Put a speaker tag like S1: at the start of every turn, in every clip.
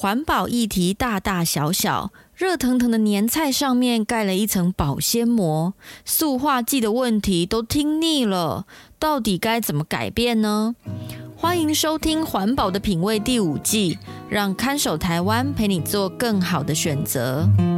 S1: 環保議題大大小小，熱騰騰的年菜上面蓋了一層保鮮膜，塑化劑的問題都聽膩了，到底該怎麼改變呢？歡迎收聽《環保的品味》第五季，讓看守台灣陪你做更好的選擇。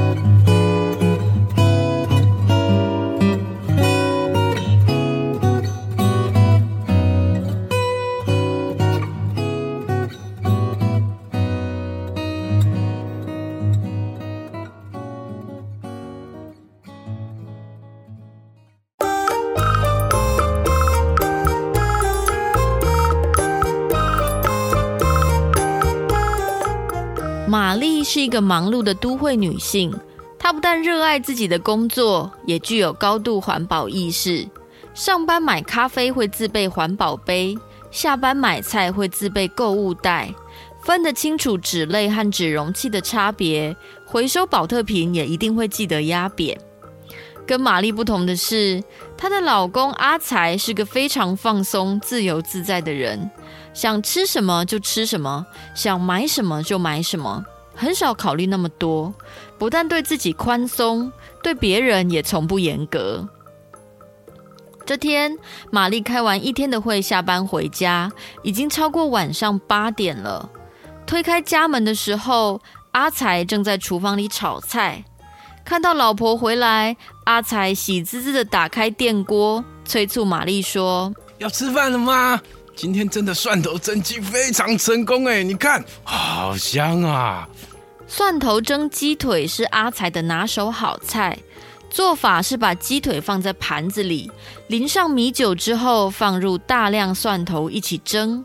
S1: 麗是一個忙碌的都會女性，她不但熱愛自己的工作，也具有高度環保意識。上班買咖啡會自備環保杯，下班買菜會自備購物袋，分得清楚紙類和紙容器的差別，回收寶特瓶也一定會記得壓扁。跟瑪麗不同的是，她的老公阿才是個非常放鬆、自由自在的人，想吃什麼就吃什麼，想買什麼就買什麼。很少考慮那麼多，不但對自己寬鬆，對別人也從不嚴格。這天，瑪麗開完一天的會，下班回家，已經超過晚上八點了。推開家門的時候，阿才正在廚房裡炒菜。看到老婆回來，阿才喜滋滋的打開電鍋，催促瑪麗說：“要吃飯了嗎？今天真的蒜頭蒸雞非常成功，誒！”你看，好香啊！”蒜頭蒸雞腿是阿才的拿手好菜，做法是把雞腿放在盤子裡，淋上米酒之後放入大量蒜頭一起蒸。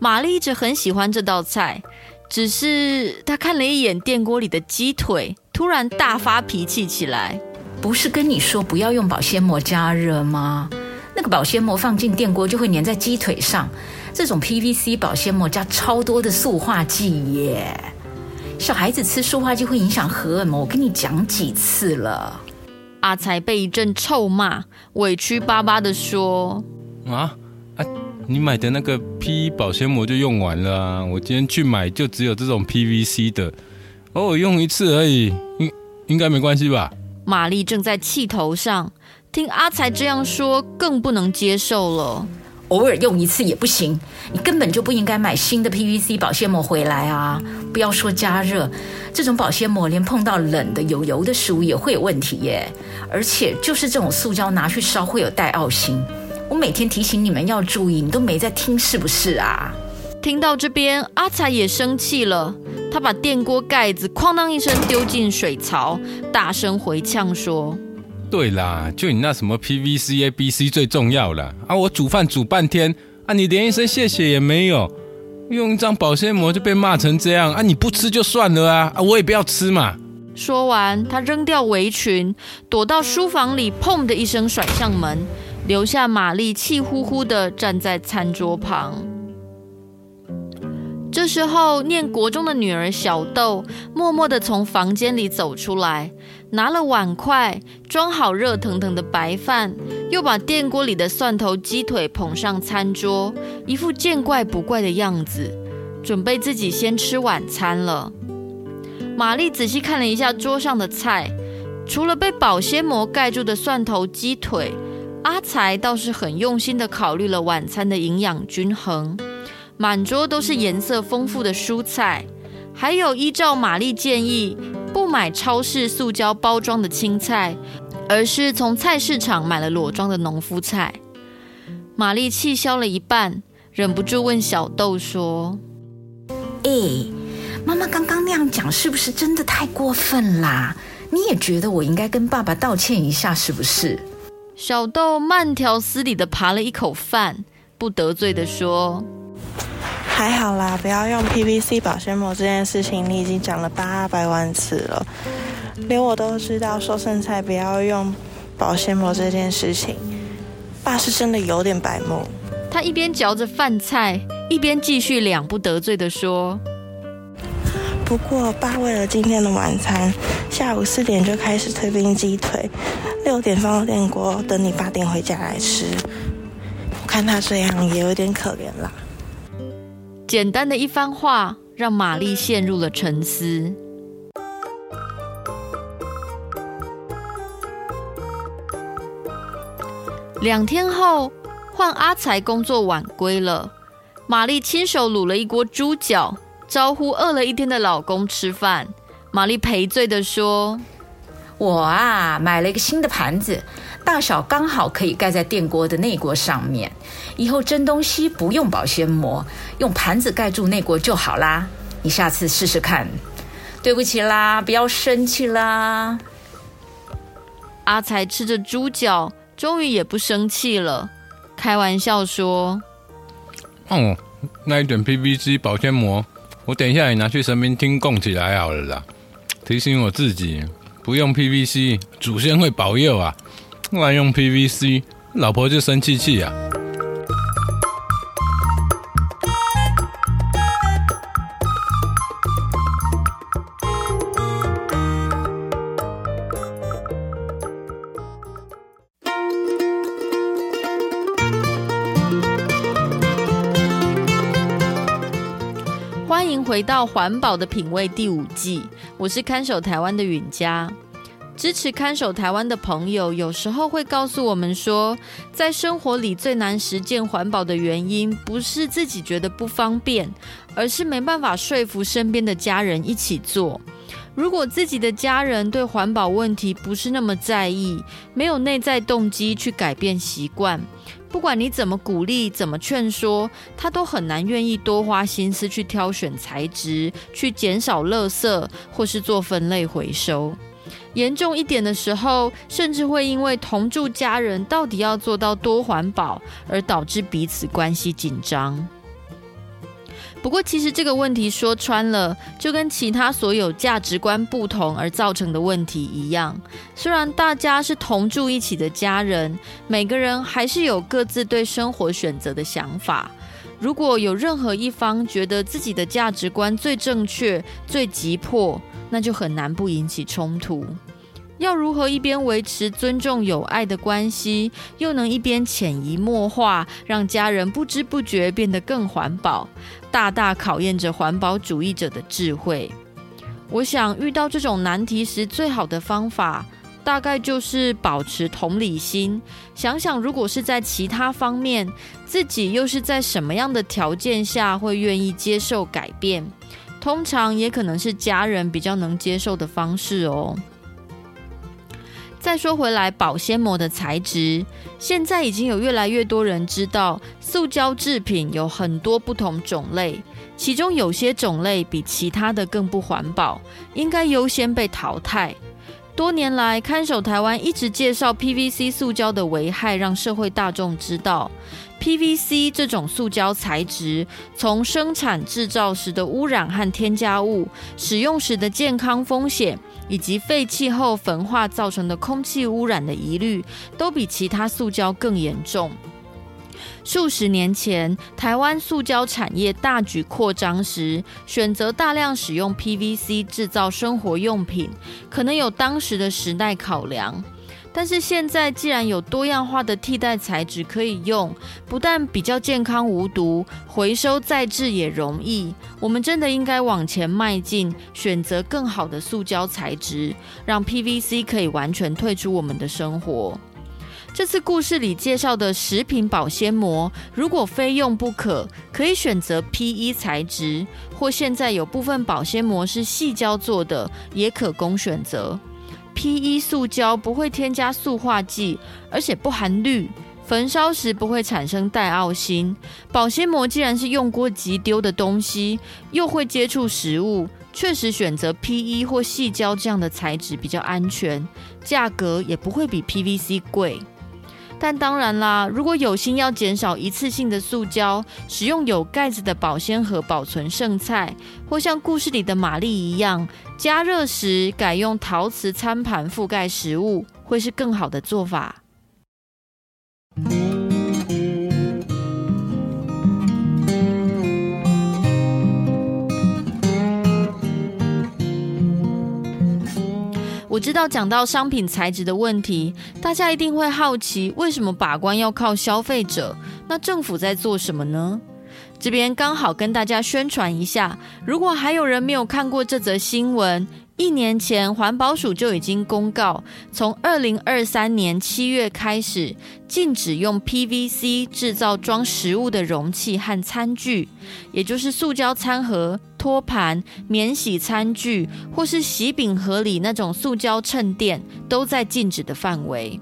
S1: 瑪麗一直很喜歡這道菜，只是她看了一眼電鍋裡的雞腿，突然大發脾氣起來。不是跟你說不要用保鮮膜加熱嗎？那個保鮮膜放進電鍋就會粘在雞腿上。這種 PVC 保鮮膜加超多的塑化劑耶。小孩子吃塑化劑會影響荷爾蒙。我跟你講幾次了！阿才被一陣臭罵，委屈巴巴的說：“啊，啊你買的那個 PE 保鮮膜就用完了啊！我今天去買就只有這種 PVC 的，偶爾用一次而已，應應該沒關係吧？”瑪麗正在氣頭上，聽阿才這樣說，更不能接受了。偶爾用一次也不行，你根本就不應該買新的 PVC 保鮮膜回來啊！不要說加熱，這種保鮮膜連碰到冷的有油、油的食物也會有問題耶！而且就是這種塑膠拿去燒會有帶戴奧辛。我每天提醒你們要注意，你都沒在聽是不是啊？聽到這邊，阿才也生氣了，他把電鍋蓋子哐噹一聲丟進水槽，大聲回嗆說。對啦，就你那什麼 PVC、ABC 最重要啦。啊！我煮飯煮半天啊，你連一聲謝謝也沒有，用一張保鮮膜就被罵成這樣啊！你不吃就算了啊，啊，我也不要吃嘛！說完，他扔掉圍裙，躲到書房裡，砰的一聲甩上門，留下瑪麗氣呼呼的站在餐桌旁。這時候，念國中的女兒小豆默默的從房間裡走出來，拿了碗筷，裝好熱騰騰的白飯，又把電鍋裡的蒜頭雞腿捧上餐桌，一副見怪不怪的樣子，準備自己先吃晚餐了。瑪麗仔細看了一下桌上的菜，除了被保鮮膜蓋住的蒜頭雞腿，阿才倒是很用心的考慮了晚餐的營養均衡。滿桌都是顏色豐富的蔬菜，還有依照瑪麗建議，不買超市塑膠包裝的青菜，而是從菜市場買了裸裝的農夫菜。瑪麗氣消了一半，忍不住問小豆說：“哎、欸，媽媽剛剛那樣講，是不是真的太過分啦？你也覺得我應該跟爸爸道歉一下，是不是？”小豆慢條斯理的扒了一口飯，不得罪的說。還好啦，不要用 PVC 保鮮膜這件事情，你已經講了八百萬次了，連我都知道說剩菜不要用保鮮膜這件事情。爸是真的有點白目。他一邊嚼着飯菜，一邊繼續兩不得罪的說。不過爸為了今天的晚餐，下午四點就開始退冰雞腿，六點放了電鍋，等你八點回家來吃。我看他這樣也有點可憐啦。簡單的一番話，讓瑪麗陷入了沉思。兩天後，換阿才工作晚歸了，瑪麗親手滷了一鍋豬腳，招呼餓了一天的老公吃飯。瑪麗賠罪的說：“我啊，買了一個新的盤子。”大小剛好可以蓋在電鍋的內鍋上面，以後蒸東西不用保鮮膜，用盤子蓋住內鍋就好啦。你下次試試看。對不起啦，不要生氣啦。阿才吃着豬腳，終於也不生氣了，開玩笑說：“哦，那一卷 PVC 保鮮膜，我等一下也拿去神明廳供起來好了啦。提醒我自己，不用 PVC，祖先會保佑啊。”亂用 PVC，老婆就生氣氣呀、啊！歡迎回到《環保的品味》第五季，我是看守台灣的允嘉。支持看守台灣的朋友，有時候會告訴我們說，在生活裡最難實踐環保的原因，不是自己覺得不方便，而是沒辦法說服身邊的家人一起做。如果自己的家人對環保問題不是那麼在意，沒有內在動機去改變習慣，不管你怎麼鼓勵、怎麼勸說，他都很難願意多花心思去挑選材質、去減少垃圾，或是做分類回收。嚴重一點的時候，甚至會因為同住家人到底要做到多環保，而導致彼此關係緊張。不過，其實這個問題說穿了，就跟其他所有價值觀不同而造成的問題一樣。雖然大家是同住一起的家人，每個人還是有各自對生活選擇的想法。如果有任何一方覺得自己的價值觀最正確、最急迫，那就很難不引起衝突。要如何一邊維持尊重友愛的關係，又能一邊潛移默化讓家人不知不覺變得更環保，大大考驗着環保主義者的智慧。我想，遇到這種難題時，最好的方法大概就是保持同理心，想想如果是在其他方面，自己又是在什麼樣的條件下會願意接受改變。通常也可能是家人比較能接受的方式哦。再說回來，保鮮膜的材質，現在已經有越來越多人知道，塑膠製品有很多不同種類，其中有些種類比其他的更不環保，應該優先被淘汰。多年來，看守台灣一直介紹 PVC 塑膠的危害，讓社會大眾知道 PVC 這種塑膠材質，從生產制造時的汙染和添加物，使用時的健康風險，以及廢棄後焚化造成的空氣汙染的疑慮，都比其他塑膠更嚴重。數十年前，台灣塑膠產業大舉擴張時，選擇大量使用 PVC 製造生活用品，可能有當時的時代考量。但是現在既然有多樣化的替代材質可以用，不但比較健康無毒，回收再製也容易，我們真的應該往前邁進，選擇更好的塑膠材質，讓 PVC 可以完全退出我們的生活。這次故事裡介紹的食品保鮮膜，如果非用不可，可以選擇 PE 材質，或現在有部分保鮮膜是矽膠做的，也可供選擇。PE 塑膠不會添加塑化劑，而且不含氯，焚燒時不會產生戴奧辛。保鮮膜既然是用過即丟的東西，又會接觸食物，確實選擇 PE 或矽膠這樣的材質比較安全，價格也不會比 PVC 貴。但當然啦，如果有心要減少一次性的塑膠，使用有蓋子的保鮮盒保存剩菜，或像故事裡的瑪麗一樣，加熱時改用陶瓷餐盤覆蓋食物，會是更好的做法。我知道講到商品材質的問題，大家一定會好奇，為什麼把關要靠消費者？那政府在做什麼呢？這邊剛好跟大家宣傳一下，如果還有人沒有看過這則新聞，一年前環保署就已經公告，從二零二三年七月開始，禁止用 PVC 製造裝食物的容器和餐具，也就是塑膠餐盒、托盤、免洗餐具或是喜餅盒裡那種塑膠襯墊，都在禁止的範圍。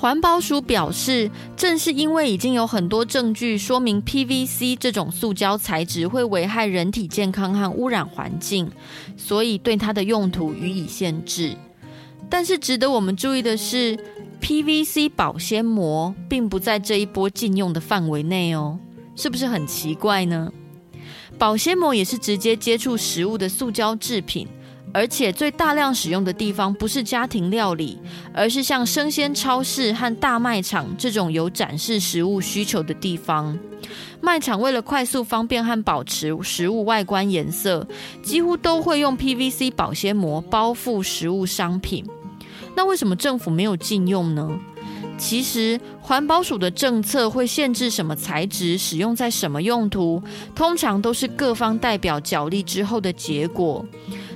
S1: 環保署表示，正是因為已經有很多證據說明 PVC 這種塑膠材質會危害人體健康和污染環境，所以對它的用途予以限制。但是值得我們注意的是，PVC 保鮮膜並不在這一波禁用的範圍內哦，是不是很奇怪呢？保鮮膜也是直接接觸食物的塑膠制品。而且最大量使用的地方不是家庭料理，而是像生鮮超市和大賣場這種有展示食物需求的地方。賣場為了快速、方便和保持食物外觀顏色，幾乎都會用 PVC 保鮮膜包覆食物商品。那為什麼政府沒有禁用呢？其實環保署的政策會限制什麼材質使用在什麼用途，通常都是各方代表角力之後的結果。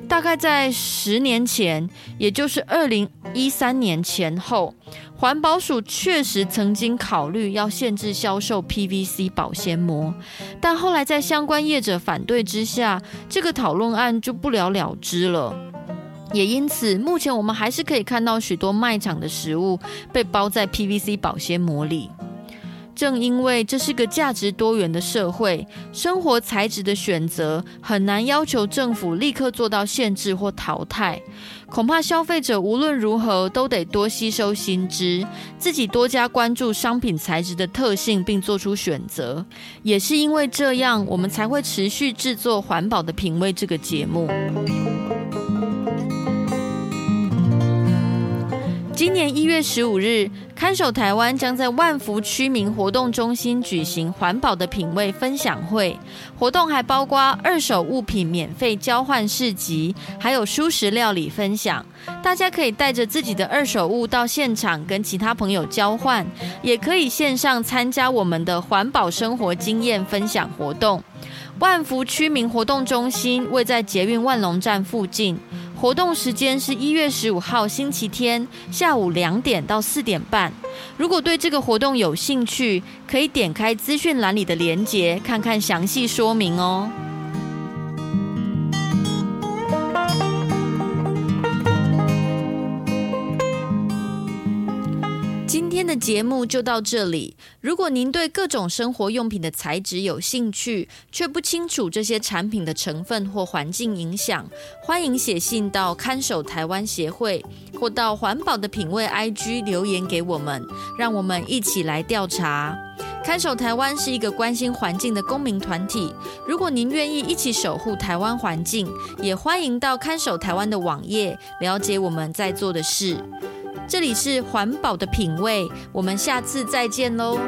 S1: 大概在十年前，也就是二零一三年前後，環保署確實曾經考慮要限制銷售 PVC 保鮮膜，但後來在相關業者反對之下，這個討論案就不了了之了。也因此，目前我們還是可以看到許多賣場的食物被包在 PVC 保鮮膜裡。正因為這是個價值多元的社會，生活材質的選擇很難要求政府立刻做到限制或淘汰，恐怕消費者無論如何都得多吸收新知，自己多加關注商品材質的特性，並做出選擇。也是因為這樣，我們才會持續製作《環保的品味》這個節目。今年一月十五日，看守台灣將在萬福區民活動中心舉行環保的品味分享會。活動還包括二手物品免費交換市集，還有蔬食料理分享。大家可以帶着自己的二手物到現場跟其他朋友交換，也可以線上參加我們的環保生活經驗分享活動。萬福區民活動中心位在捷運萬隆站附近。活動時間是一月十五號星期天下午兩點到四點半。如果對這個活動有興趣，可以點開資訊欄裡的鏈接，看看詳細說明哦。節目就到這裡。如果您對各種生活用品的材質有興趣，卻不清楚這些產品的成分或環境影響，歡迎寫信到看守台灣協會，或到環保的品味 IG 留言給我們，讓我們一起來調查。看守台灣是一個關心環境的公民團體。如果您願意一起守護台灣環境，也歡迎到看守台灣的網頁了解我們在做的事。這裡是環保的品味，我們下次再見嘍。